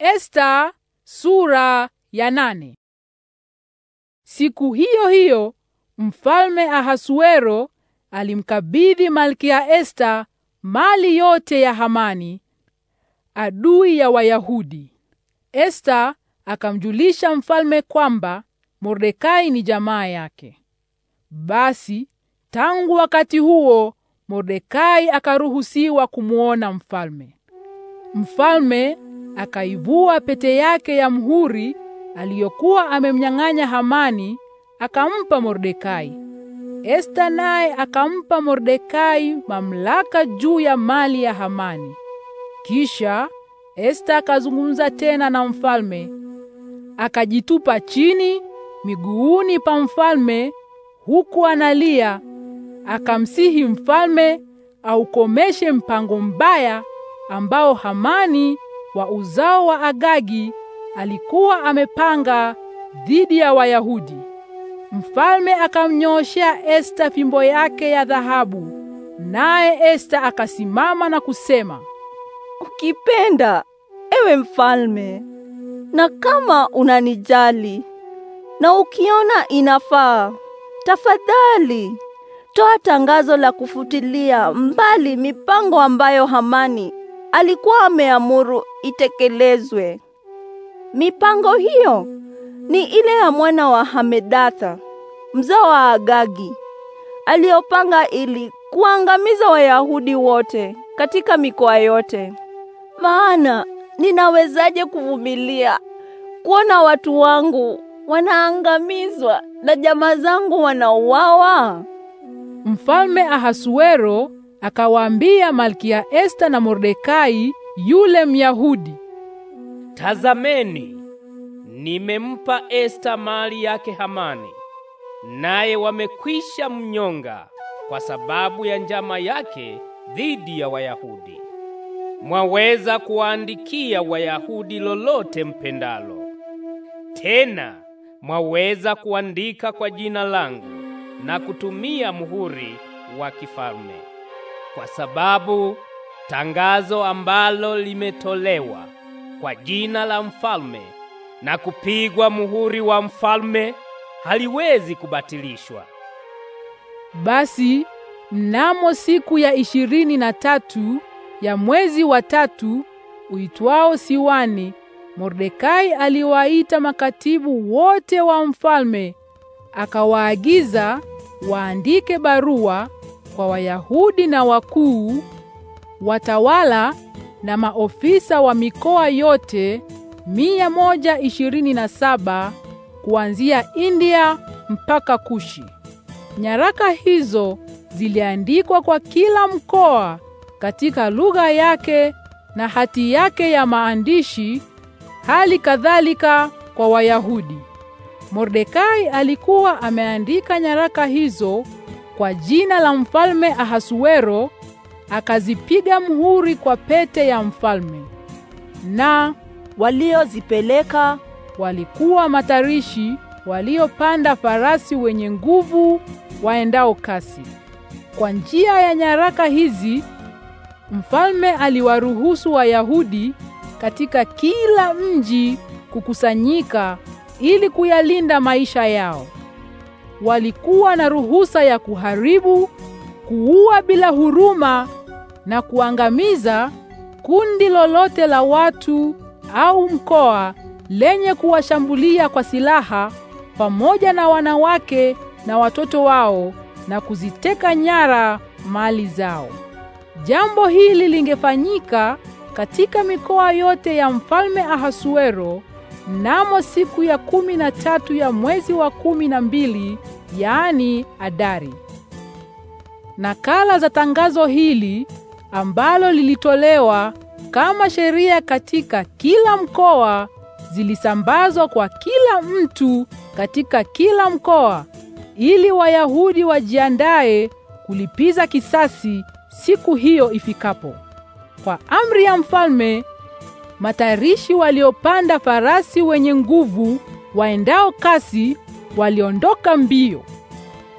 Esta sura ya nane. Siku hiyo hiyo mfalme Ahasuero alimkabidhi Malkia Esta mali yote ya Hamani adui ya Wayahudi. Esta akamjulisha mfalme kwamba Mordekai ni jamaa yake. Basi tangu wakati huo Mordekai akaruhusiwa kumuona mfalme. Mfalme akaivua pete yake ya mhuri aliyokuwa amemnyang'anya Hamani akampa Mordekai. Esta naye akampa Mordekai mamlaka juu ya mali ya Hamani. Kisha Esta akazungumza tena na mfalme, akajitupa chini miguuni pa mfalme huku analia, akamsihi mfalme aukomeshe mpango mbaya ambao Hamani wa uzao wa Agagi alikuwa amepanga dhidi ya Wayahudi. Mfalme akamnyooshea Esta fimbo yake ya dhahabu, naye Esta akasimama na kusema, ukipenda ewe mfalme, na kama unanijali na ukiona inafaa, tafadhali toa tangazo la kufutilia mbali mipango ambayo Hamani alikuwa ameamuru itekelezwe. Mipango hiyo ni ile ya mwana wa Hamedatha, mzao wa Agagi, aliyopanga ili kuangamiza Wayahudi wote katika mikoa yote. Maana ninawezaje kuvumilia kuona watu wangu wanaangamizwa na jamaa zangu wanauawa? Mfalme Ahasuero akawaambia Malkia Esta na Mordekai yule Myahudi, tazameni, nimempa Esta mali yake Hamani, naye wamekwisha mnyonga kwa sababu ya njama yake dhidi ya Wayahudi. Mwaweza kuwaandikia Wayahudi lolote mpendalo, tena mwaweza kuandika kwa jina langu na kutumia muhuri wa kifalme kwa sababu tangazo ambalo limetolewa kwa jina la mfalme na kupigwa muhuri wa mfalme haliwezi kubatilishwa. Basi mnamo siku ya ishirini na tatu ya mwezi wa tatu uitwao Siwani, Mordekai aliwaita makatibu wote wa mfalme, akawaagiza waandike barua kwa Wayahudi na wakuu, watawala na maofisa wa mikoa yote mia saba kuanzia India mpaka Kushi. Nyaraka hizo ziliandikwa kwa kila mkoa katika lugha yake na hati yake ya maandishi, hali kadhalika kwa Wayahudi. Mordekai alikuwa ameandika nyaraka hizo kwa jina la mfalme Ahasuero, akazipiga mhuri kwa pete ya mfalme. Na waliozipeleka walikuwa matarishi waliopanda farasi wenye nguvu waendao kasi. Kwa njia ya nyaraka hizi mfalme aliwaruhusu Wayahudi katika kila mji kukusanyika ili kuyalinda maisha yao walikuwa na ruhusa ya kuharibu, kuua bila huruma na kuangamiza kundi lolote la watu au mkoa lenye kuwashambulia kwa silaha pamoja na wanawake na watoto wao na kuziteka nyara mali zao. Jambo hili lingefanyika katika mikoa yote ya mfalme Ahasuero mnamo siku ya kumi na tatu ya mwezi wa kumi na mbili yaani Adari. Nakala za tangazo hili ambalo lilitolewa kama sheria katika kila mkoa zilisambazwa kwa kila mtu katika kila mkoa ili Wayahudi wajiandae kulipiza kisasi siku hiyo ifikapo. Kwa amri ya mfalme, matarishi waliopanda farasi wenye nguvu waendao kasi waliondoka mbio.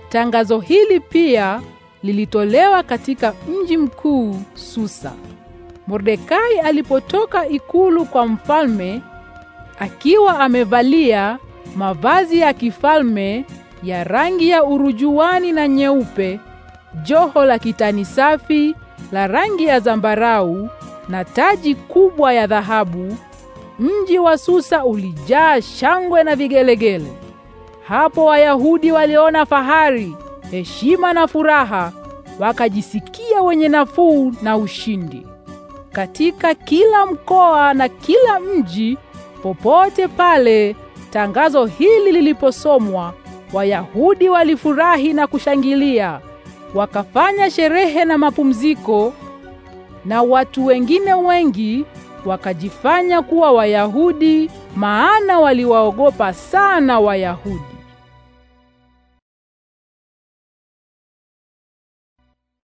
Tangazo hili pia lilitolewa katika mji mkuu Susa. Mordekai alipotoka ikulu kwa mfalme akiwa amevalia mavazi ya kifalme ya rangi ya urujuani na nyeupe, joho la kitani safi la rangi ya zambarau na taji kubwa ya dhahabu, mji wa Susa ulijaa shangwe na vigelegele. Hapo Wayahudi waliona fahari, heshima na furaha, wakajisikia wenye nafuu na ushindi. Katika kila mkoa na kila mji, popote pale tangazo hili liliposomwa, Wayahudi walifurahi na kushangilia, wakafanya sherehe na mapumziko, na watu wengine wengi wakajifanya kuwa Wayahudi, maana waliwaogopa sana Wayahudi.